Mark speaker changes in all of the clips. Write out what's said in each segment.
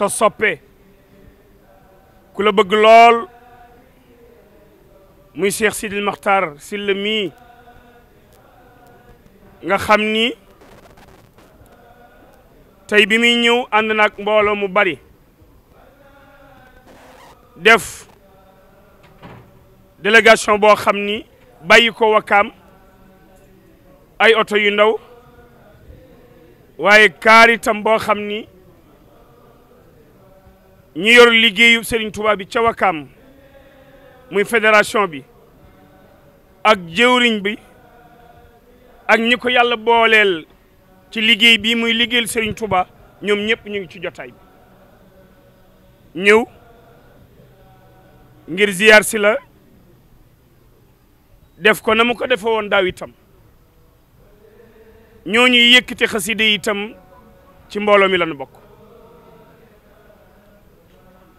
Speaker 1: sa soppe ku la bëgg lool muy Cheikh Sidil Maxtar Sylla mii nga xam ni tey bi muy ñëw ànd naag mbooloo mu bari def délégation boo xam ni bàyyi ko wakaam ay oto yu ndaw waaye kaar itam boo xam ni ñi yor liggéeyu Serigne Touba bi ca Wakaam muy fédération bi ak jëwriñ bi ak ñi ko yàlla booleel ci liggéey bi muy liggéeyal Serigne Touba ñoom ñëpp ñu ngi ci jotaay bi ñëw ngir ziyaar si la def ko na mu ko defe woon daaw itam ñooñuy yëkkati xaside itam ci mbooloo mi lañu bokk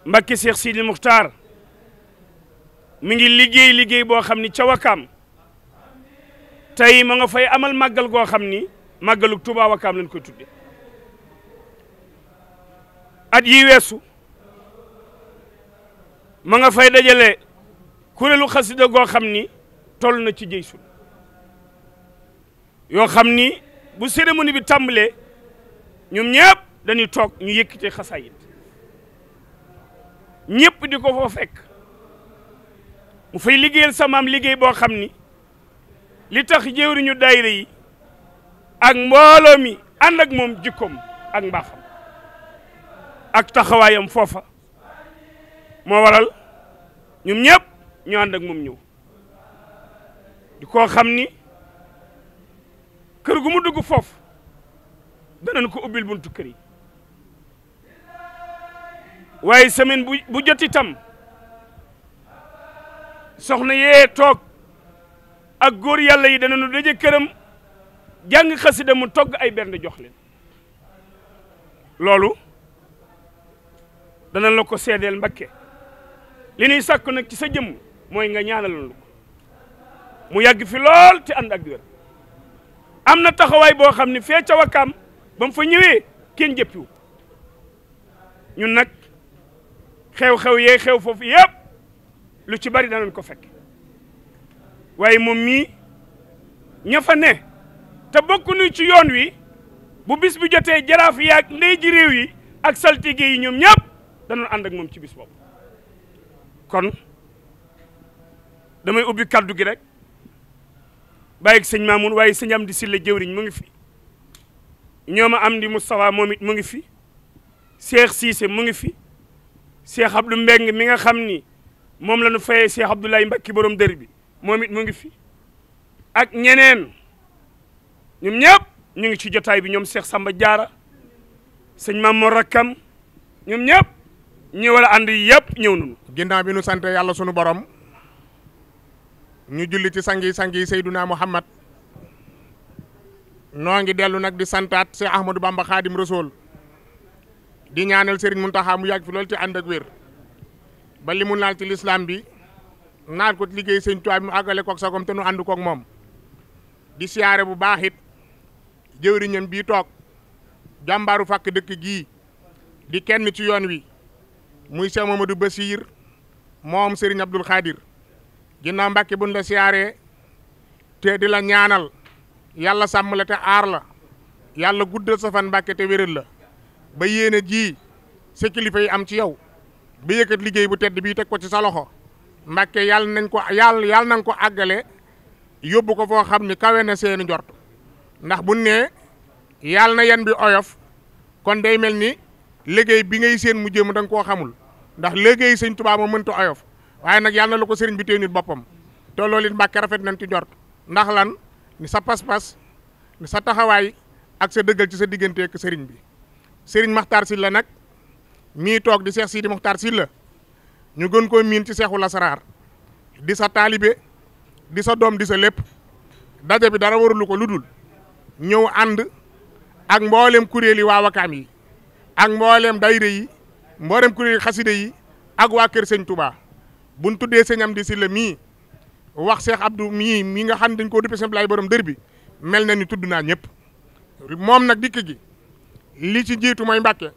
Speaker 1: Mbacke Cheikh Sidi Muxtaar mu ngi liggéey liggéey boo xam ni ca Wakaam tey ma nga fay amal màggal goo xam ni màggalu Touba Wakaam lañ koy tudde at yi weesu ma nga fay dajale kuréelu xasida goo xam ni toll na ci jëy sul yoo xam ni bu cérémonie bi tàmbalee ñoom ñëpp dañuy toog ñu yëkkite xasaayit ñëpp di ko foo fekk mu fay liggéeyal samaam liggéey boo xam ni li tax jëwriñu daayira yi ak mbooloo mi ak moom jikkoom ak mbaaxam ak taxawaayam foofa moo waral ñum ñëpp ñu ànd ak moom ñëw di koo xam ni kër gu mu dugg foofu danañ ko ubbil buntu kër yi waaye semaine bu bu jot itam soxna yee toog ak góor yàlla yi dana nu daje këram jàng xasida mu togg ay bernde jox loolu dana la ko seedeel mbakke li ñuy sàkk nag ci sa jëmm mooy nga ñaanal lu ko mu yàgg fi lool te ànd ak wér am na taxawaay boo xam ne fee ca wakkaam ba fa ñëwee kenn jëppiwu ñun nag xew-xew yee xew foofu yëpp lu ci bari danañ ko fekk waaye moom mii ñafa fa ne bokk bokkuñu ci yoon wi bu bis bi jotee jaraaf yi ak ndey ji réew yi ak saltige yi ñoom ñëpp danañ ànd moom ci bis boobu kon damay ubbi kaddu gi rek bàyyi ak sëñ Mamoun waaye sëñ Amdi Silla jëwriñ mu ngi fi ñooma am di Moustapha moom it mu ngi fi Cheikh siise mu ngi fi Cheikh Abdou Mbeng mi nga xam ni moom la ñu fayee Cheikh Abdoulaye Mbacke borom dër bi moom it mu ngi fi ak ñeneen ñoom ñëpp ñu ngi ci jotaay bi ñoom Cheikh Samba Diarra sëñ Mamour Rakkam ñoom
Speaker 2: ñëpp ñi war a ànd yëpp ñëw nañu. ginnaaw bi nu sant yàlla sunu borom ñu julli ci sangi sangi Seyduna Muhammad noo ngi dellu nag di santaat Cheikh Ahmadou Bamba Khadim Rasoul di ñaanal Serigne Mountakha mu yaaj fi loolu te ànd ak wér ba li mu naaj ci lislaam bi naal ko liggéey sëñ Tuubaa mu àggale koog sagoom te nu ànd koog moom di siyaare bu baaxit it jëwriñam bii toog jàmbaaru fàkk dëkk gii di kenn ci yoon wi muy Cheikh Mamadou Bassir moom Serigne Abdoul Khadir ginnaaw Mbàkke buñ la siyaaree te di la ñaanal yàlla sàmm la te aar la yàlla guddal sa fan Mbàkke te wéral la ba yéene jii sa kilifa yi am ci yow ba yëkkat liggéey bu tedd bii teg ko ci sa loxo Mbàkke yàlla nañ ko yàlla yàlla nañ ko àggale yóbbu ko foo xam ni kawe na seeni njort ndax bu ne yàlla na yan bi oyof kon day mel ni liggéey bi ngay séen mu jëmm da koo xamul ndax liggéey sëñ Tuubaa moo mënta oyof waaye nag yàlla na la ko sëriñ bi téye boppam te loolu Mbàkke rafet nañ ci njort ndax lan ni sa pas-pas ni sa taxawaay ak sa dëggal ci sa digganteek sëriñ bi Serigne Makhtar Sylla nag mii toog di Cheikh Sidi Makhtar Sylla ñu gën koo miin ci seexu Asrar di sa taalibe di sa doom di sa lépp daje bi dara warulu ko lu dul ñëw ànd ak mboolem kuréel yi waa Wakaam yi ak mboolem dayre yi mboolem kuréel xaside yi ak waa Kër Sëñ Touba buñ tuddee sëñ Amdi Sylla mii wax seex Abdou mii mii nga xam dañ koo duppe sëñ Blaye borom dër bi mel na ni tudd naa ñëpp moom nag dikk gi. li ci jiitu mooy Mbàkke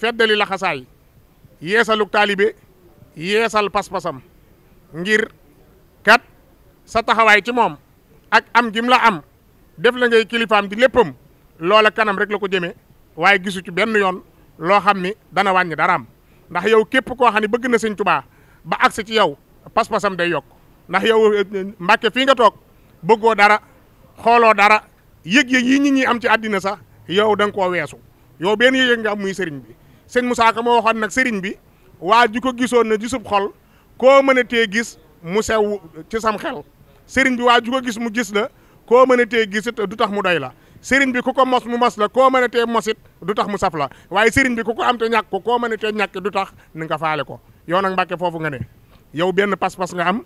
Speaker 2: feddali laxasaay yeesaluk taalibe yeesal pas-pasam ngir kat sa taxawaay ci moom ak am gim la am def la ngay kilifaam di léppam loola kanam rek la ko jëmee waaye gisu ci benn yoon loo xam ni dana wàññi daraam ndax yow képp koo xam ne bëgg na sëñ Tubaa ba agsi ci yow pas-pasam day yokk ndax yow eh, eh, Mbàkke fii nga toog bëggoo dara xooloo dara yëg-yëg yi nit am ci àddina sax yow danga nga koo weesu yow benn yëg nga am muy sëriñ bi sëñ Moussa Ka moo waxoon nag sëriñ bi waa ji ko gisoon na gisub xol koo mën a tee gis mu sew ci sam xel sëriñ bi waa ji ko gis mu gis la koo mën a tee gis it du tax mu doy la sëriñ bi ku ko mos mu mos la koo mën a tee mos it du tax mu saf la waaye sëriñ bi ku ko am te ñàkk ko koo mën a tee ñàkk du tax ni nga faale ko yow nag Mbàkke foofu nga ne yow benn pas-pas nga am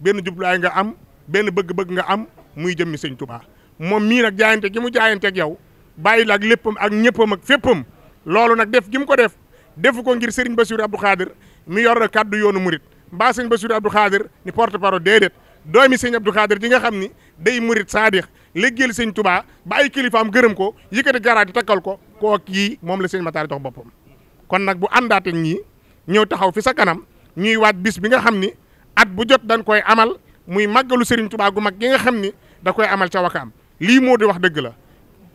Speaker 2: benn jubluwaay nga am benn bëgg-bëgg nga am muy jëmmi sëñ tubaa moom mii nag jaayante gi mu jaayanteeg yow bàyyi ak léppam ak ñëppam ak féppam loolu nag def gi mu ko def defu ko ngir Serigne Bassirou Abdou Khadir mi yor na kàddu yoonu murit mbaa Serigne Bassirou Abdou Khadir ni porte parole déedéet doomi Serigne Abdou Khadir ji nga xam ni day murit saadix léggéel Serigne tubaa bàyyi ay kilifaam gërëm ko yëkkati garaat yi takkal ko koo kii moom la Serigne Matar jox boppam kon nag bu àndaate ñii ñëw taxaw fi sa kanam ñuy bis bi nga xam ni at bu jot dañ koy amal muy màggalu Serigne Touba gu mag gi nga xam ni da koy amal ca Wakaam moo di wax dëgg la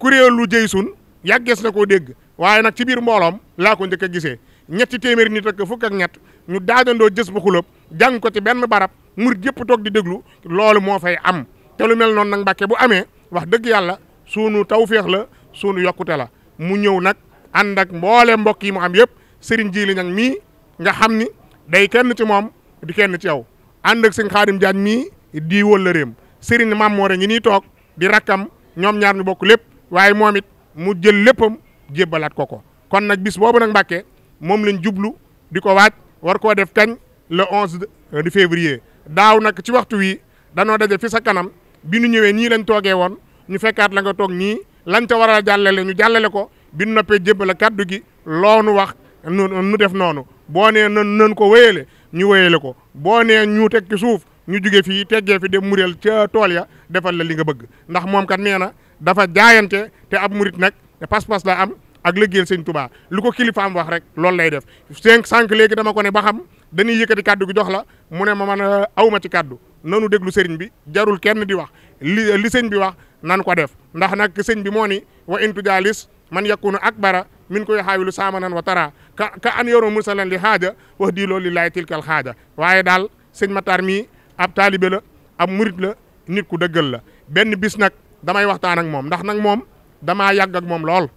Speaker 2: kuréelu sun yàggees na koo dégg waaye nag ci biir mbooloom laa ko njëkk a gisee ñetti téeméeri ni ak fok ak ñett ñu daajandoo jës bu xulóob jàng ko ci benn barab murit yëpp toog di déglu loolu moo fay am te lu mel noonu nag mbàkke bu amee wax dëgg yàlla sunu tawféex la sunu yokkute la mu ñëw nag ànd ak mboole mbokk yi mu am yëpp sëriñ Jili nag mii nga xam ni day kenn ci moom di kenn ci yow ànd ak sëñ Xaadim Jaañ mii di wóllëreem sëriñ Mamoore ngi nii toog di rakkam ñoom ñaar ñu bokk lépp waaye moom it mu jël léppam jébbalaat ko ko kon nag bis boobu nag Mbàkke moom lañ jublu di ko waaj war koo def kañ le onze de euh, février daaw nag ci waxtu wi danoo daje fi sa kanam bi nu ñëwee nii lañ toogee woon ñu fekkaat la nga toog nii lañ ca war a jàllale ñu jàllale ko bi nu noppee jébbal kaddu gi loonu wax nu nu def noonu boo nee nan nan ko wéyale ñu wéyale ko boo nee ñu teg ci suuf ñu jugee fii teggee fi dem mureel ca tool ya defal la li nga bëgg ndax moom kat nee na dafa jaayante te ab murit nag pas-pas la am ak liggéeyal sëñ Tuubaa lu ko kilifaam wax rek loolu lay def cinq sànq léegi dama ko ne ba xam dañuy yëkkati kàddu gi jox la mu ne ma man euh, awma ci kàddu nanu déglu sëriñ bi jarul kenn di wax li li sëñ bi wax nan ko def ndax nag sëñ bi moo ni wa intu jaalis man yakunu akbara min koy xaawilu saamanan wa tara ka ka an yoro mursalan li xaaja wax dii loolu lillaay tilkal xaaja waaye daal sëñ Matar mii ab taalibe la ab la nit ku dëggal la benn bis nag damay waxtaan ak moom ndax nag moom damaa yàgg moom lool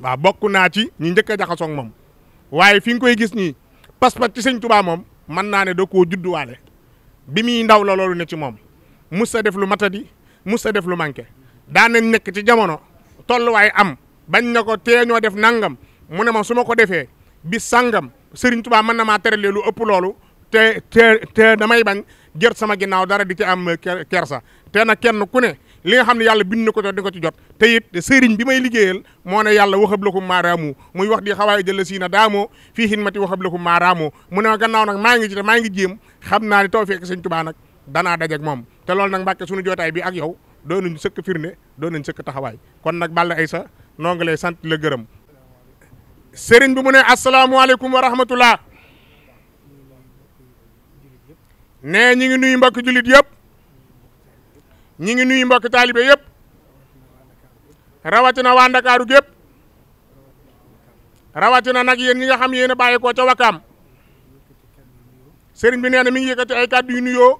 Speaker 2: waaw bokk naa ci ñi njëkk a jaxasoo moom waaye fi nga koy gis nii pas-pas ci sëñ Tuubaa moom mën naa ne da koo judduwaale bi muy ndaw la loolu ne ci moom musa def lu matadi di musa def lu manqué daan nañ nekk ci jamono tolluwaay am bañ na ko tee ñoo def nangam mu ne ma su ma ko defee bi sangam sëriñ Tuubaa mën na maa teralee lu ëpp loolu te te te damay bañ jër sama ginnaaw dara di ci am eh, kersa te nag kenn ku ne. li nga xam ne yàlla bind na ko te di ko ci jot te it bi may liggéeyal moo na yàlla waxab la ko maaraamu muy wax di xawaay jëla sii na daamoo fii xin mati waxab la ko maaraamu mu ne gannaaw nag maa ngi ci te maa ngi jéem xam naa ne tawfeex sëñ Tuubaa nag danaa daje ak moom te loolu nag Mbàkke sunu jotaay bi ak yow doon nañ sëkk firnde doon nañ sëkk taxawaay kon nag Balla Aïssa noo ngi lay sant la gërëm sëriñ bi mu ne asalaamaaleykum wa rahmatullah ne ñu ngi nuyu mbokk jullit yëpp ñi ngi nuyu mbokki taalibe yëpp rawatina waa Ndakaaru gépp rawatina nag yéen ñi nga xam yéen a bàyyi ko ca Wakaam sëriñ bi nee na mi ngi yëkkati ay kàddu yu nuyoo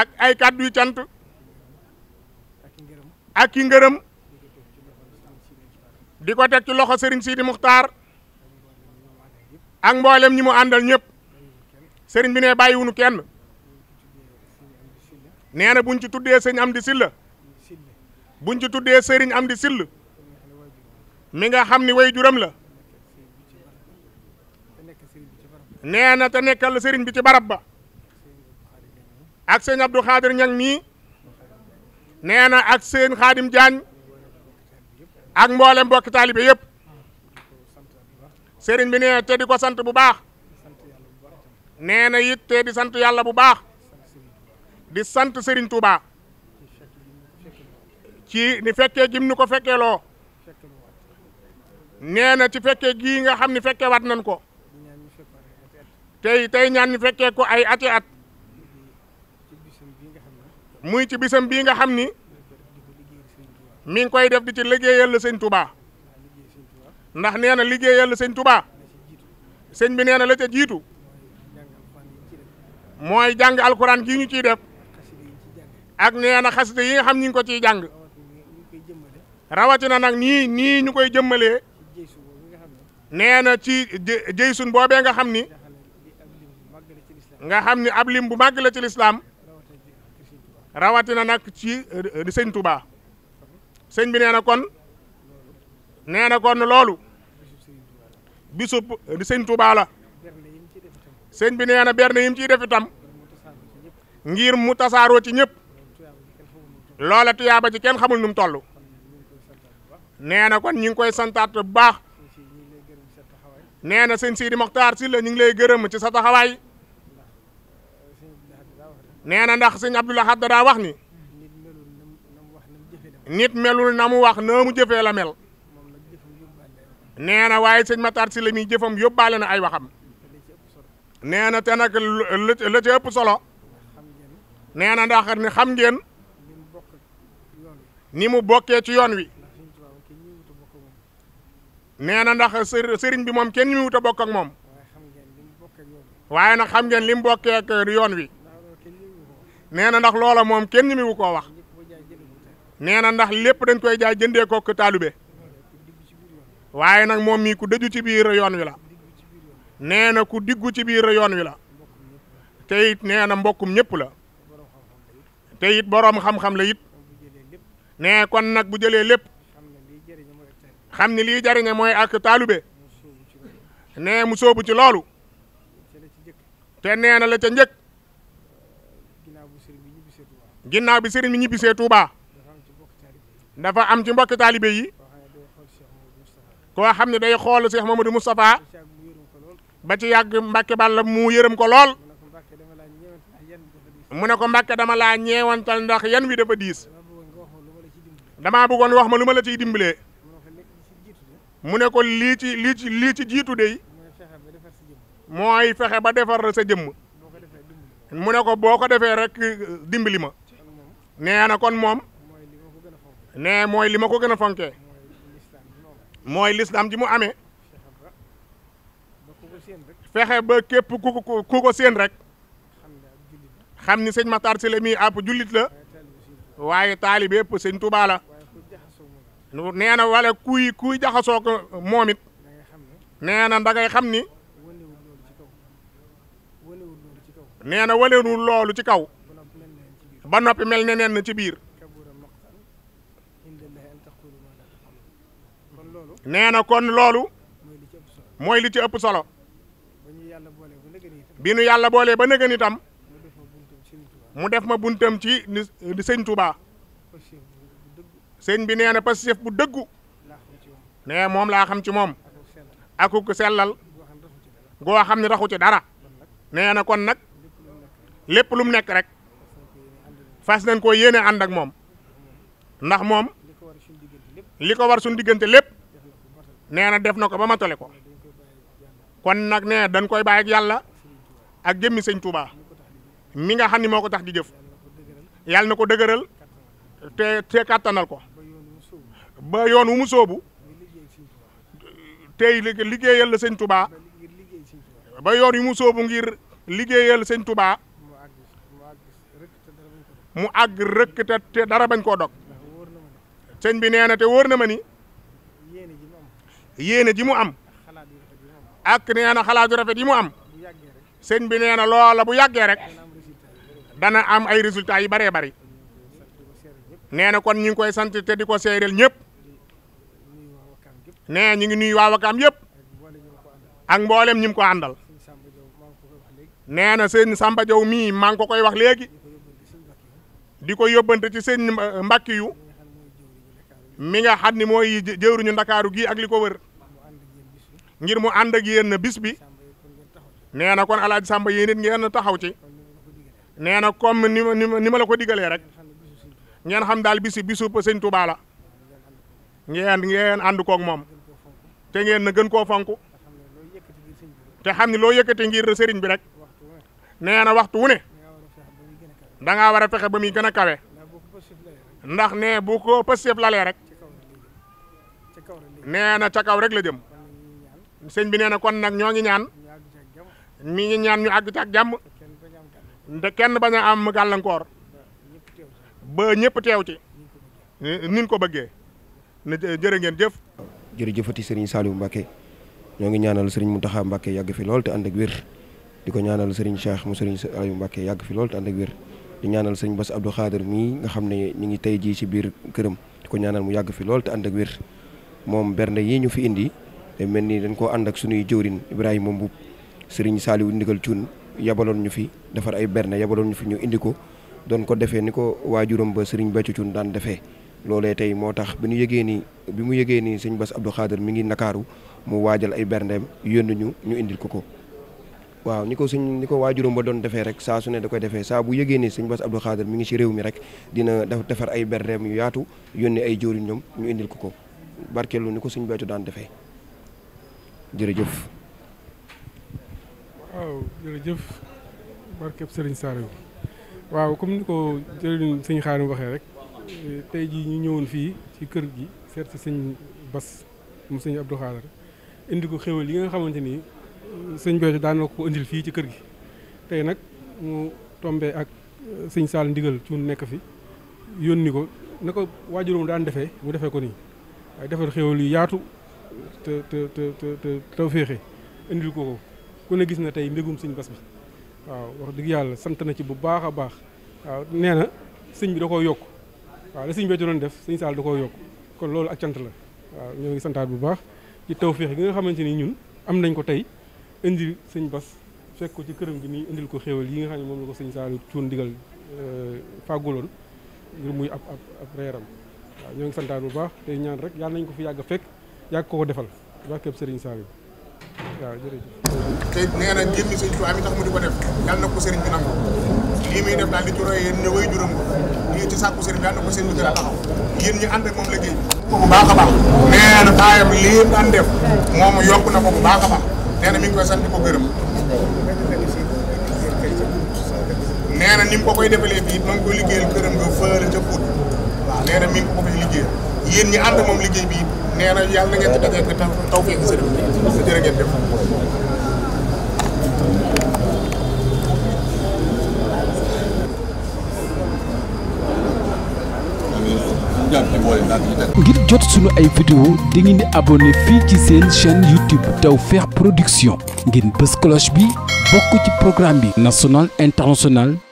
Speaker 2: ak ay kàddu yu cant ak i ngërëm di ko teg ci loxo sëriñ Sidi Muxtaar ak mboolem ñi mu àndal ñëpp sëriñ bi ne bàyyiwunu kenn nee na buñ ci tuddee sëñ am di silla buñ ci tuddee sëriñ am di sill mi nga xam ni way juram la nee na te nekkal sëriñ bi ci barab ba ak sëñ Abdou Khadir ñang mii nee na ak sëñ Khadim Diagne ak mboolem mbokki taalibe yëpp sëriñ bi nee te ko sant bu baax neena na it sant yàlla bu baax di sant Serigne Touba ci ni fekkee gim ni ko fekkeeloo nee na ci fekkee gii nga xam ni fekkee wat nañ ko tey tey ñaan ni fekkee ko ay ati at muy ci bisam bii nga xam ni mi koy def di ci liggéeyal la sëñ Touba ndax nee na liggéeyal la sëñ Touba sëñ bi nee na la ca jiitu mooy jàng alxuraan gii ñu ciy def ak nee na xasida yi nga xam ko ciy jàng rawatina nag nii nii ñu koy jëmmalee nee na ci jëy sun boobee nga xam ni nga xam ni ab lim bu màgg la ci lislaam rawatina nag ci sëñ Touba sëñ bi nee na kon nee na kon loolu bisub sëñ Touba la sëñ bi nee na berne yim ciy def itam ngir mu tasaaroo ci ñëpp loola tuyaaba ci kenn xamul nu mu toll nee na kon ñu ngi koy santaat bu baax nee na sëñ Sidi Mokhtar si la ñu ngi lay gërëm ci sa taxawaay nee na ndax sëñ Abdou Lahad daa wax ni nit melul na mu wax na mu jëfee la mel nee na waaye sëñ Makhtar si la muy jëfam yóbbaale na ay waxam neena na te la ca ëpp solo nee na ndax ni xam ngeen. ni mu bokkee ci yoon wi nee na ndax sëriñ bi moom kenn ñu wut a bokk ak moom waaye nag xam ngeen li mu bokkee ak yoon wi nee na ndax loola moom kenn ñu wu ko wax nee na ndax lépp dañ koy jaay jëndee ko ak taalube waaye nag moom mii ku dëju ci biir yoon wi la nee na ku diggu ci biir yoon wi la te it nee mbokkum ñépp la te it boroom xam-xam la it. nee kon nag bu jëlee lépp xam ni lii jariñe mooy ak taalube nee mu sóobu ci loolu te nee na la ca njëkk ginnaaw bi sëriñ mu ñibbisee Touba dafa am ci mbokki taalibe yi koo xam ne day xool Cheikh Mamadou Moustapha ba ci yàgg Mbàkke Balla mu yërëm ko lool mu ne ko Mbàkke dama laa ñeewantal ndax yan wi dafa diis damaa bëggoon wax ma lu ma la ciy dimbalee mu ne ko lii ci lii ci ci jiitu de mooy fexe ba defar sa jëmm mu ne ko boo ko defee rek dimbali ma nee na kon moom nee mooy li ma ko gën a fonkee mooy lislaam ji mu amee fexe ba képp ku ko ku ko seen rek xam ni sëñ Matar Sylla mii ab jullit la waaye taalibe yëpp sëñ Tuubaa nee na wala kuy kuy jaxasoo ko moom it nee na da xam ni nee na walewul loolu ci kaw ba noppi mel ne neen ci biir nee na kon loolu mooy li ci ëpp solo bi nu yàlla boolee ba nëgën itam mu def ma buntam ci di sëñ Touba sëñ bi nee na pastéef bu dëggu nee moom laa xam ci moom akuk sellal goo xam ne taxu ci dara nee kon nag lépp lu mu nekk rek fas nañ koo yéene ànd ak moom ndax moom li ko war suñu diggante lépp nee na def na ko ba matale ko kon nag nee dañ koy bàyyi ak yàlla ak jëmmi sëñ Touba mi nga xam ni moo ko tax di jëf yàlla na ko dëgëral te te kàttanal ko ba yoon wu mu sóobu tey liggéeyal la sëñ tubaa ba yoon wu mu sóobu ngir liggéeyal sëñ tubaa mu àgg rëkk te te dara bañ koo dog sëñ bi nee na te wóor na ma ni yéene ji mu am ak nee na xalaat yu yi mu am sëñ bi nee na loola bu yàggee rek dana am ay résultats yu bëree bari nee na kon ñu ngi koy sant te di ko seereel ñëpp nee ñu ngi nuyu waa Wakaam yëpp ak mboolem ñim ko àndal nee na sëñ Samba Diaw mii maa ngi ko koy wax léegi di ko yóbbante ci seen Mbàkke yu mi nga xam ni mooy jëwriñu Ndakaaru gii ak li ko wër ngir mu ànd ak yéen bis bi na kon alaaji Samba yéen it ngeen taxaw ci nee na comme ni ma ni ma la ko digalee rek ngeen xam daal bisi bisu sëñ Tuubaa la ngeen ngeen ànd moom te ngeen na gën koo fonk te xam ne loo yëkkati ngir sëriñ bi rek nee na waxtu wu ne danga war a fexe ba muy gën a kawe ndax nee bu ko pësef lalee rek nee na ca kaw rek la jëm sëñ bi nee na kon nag ñoo ngi ñaan mi ngi ñaan ñu àgg ci ak jàmm kenn bañ am gàllankoor ba ñëpp teew ci nin ko bëggee na jërë ngeen jëf.
Speaker 3: jërëjëfati sëriñ Saliou Mbacke ñoo ngi ñaanal sëriñ Mountakha Mbacke yàgg fi lool te ànd ak di ko ñaanal sëriñ Cheikh mu sëriñ Saliou Mbacke yàgg fi lool te ànd ak wér di ñaanal sëriñ Bass Abdou Khader mii nga xam ne ñu ngi tey jii ci biir këram di ko ñaanal mu yàgg fi lool te ànd ak wér moom bernde yi ñu fi indi te mel nii dañ koo ànd ak suñuy jëwrin Ibrahima Mbuub sëriñ saaliwu ndigal Cuun yabaloon ñu fi defar ay berne yabaloon ñu fi ñu indi ko doon ko defee ni ko waajuram ba sëriñ Béthio Cuun daan defee loolee tey moo tax bi ñu yëgee nii bi mu yëgee nii sëñ Bass Abdou Khader mi ngi Ndakaaru mu waajal ay berndeem yónni ñu ñu indil ko ko waaw ni ko sëñ ni ko waajuróom ba doon defee rek saa su ne da koy defee saa bu yëgee ni sëñ Bass Abdou Khader mi ngi ci réew mi rek dina def defar ay berndeem yu yaatu yónni ay jëwriñ ñu indil ko ko barkeelu ni ko sëñ Béthio daan defee jërëjëf.
Speaker 4: waaw jërëjëf barkeb Serigne comme ni ko jëriñ sëñ waxee rek. tey jii ñu ñëwoon fii ci kër gi seet si sëñ Bass mu sëñ Abdou Khadre indi ko xéwal yi nga xamante ni sëñ Béthio daan na indil fii ci kër gi tey nag mu tombé ak euh, sëñ Saal ndigal ci nekk fi yónni ko na ko waajuróom daan defee mu defee ko nii waaye defar xéwal yu yaatu te te te te taw féexe indil ko ko ku ne gis na tey mbégum sëñ Bass bi waaw wax dëgg yàlla sant na ci bu baax a baax waaw nee na sëñ bi da koo yokk waaw la sëñ Béthio doon def sëñ Sall da koo yokk kon loolu ak cant la waaw ñoo ngi santaat bu baax ci tawféex gi nga xamante ni ñun am nañ ko tey indi sëñ Bas fekk ko ci këram gi nii indil ko xéewal yi nga xam ne moom la ko sëñ Sall cuun digal euh, fàgguloon ngir muy ab ab reeram waaw ñoo ngi santaat bu baax tey ñaan rek yàlla nañ ko fi yàgg fekk yàgg ko ko defal barkeb sëriñ Sall
Speaker 2: waaw jërëjëf. te nee na jëmmi sëñ Tuubaa tax mu di ko def yàlla na ko sëriñ bi nangu lii muy def daal di ci roy yéen way juróom ko lii ci sàkku sëriñ bi ànd ko sëriñ bi gën a taxaw yéen ànd ak moom liggéey ko bu baax a baax nee na taayam lii daan yokk na ko bu baax a baax nee na ngi koy sant ko gërëm nee na ni mu koy defalee fii ma ngi koy liggéeyal këram nga fële ca Pout waaw nee ko ko fay liggéeyal yéen ñi ànd moom liggéey bi nee na yàlla na ngeen ci taw feeg sëriñ bi def
Speaker 4: ngir jot sunu ay vidéo di ngeen di abonné fii ci seen chaîne YouTube feex Production ngir bës cloche bi bokk ci programme bi national international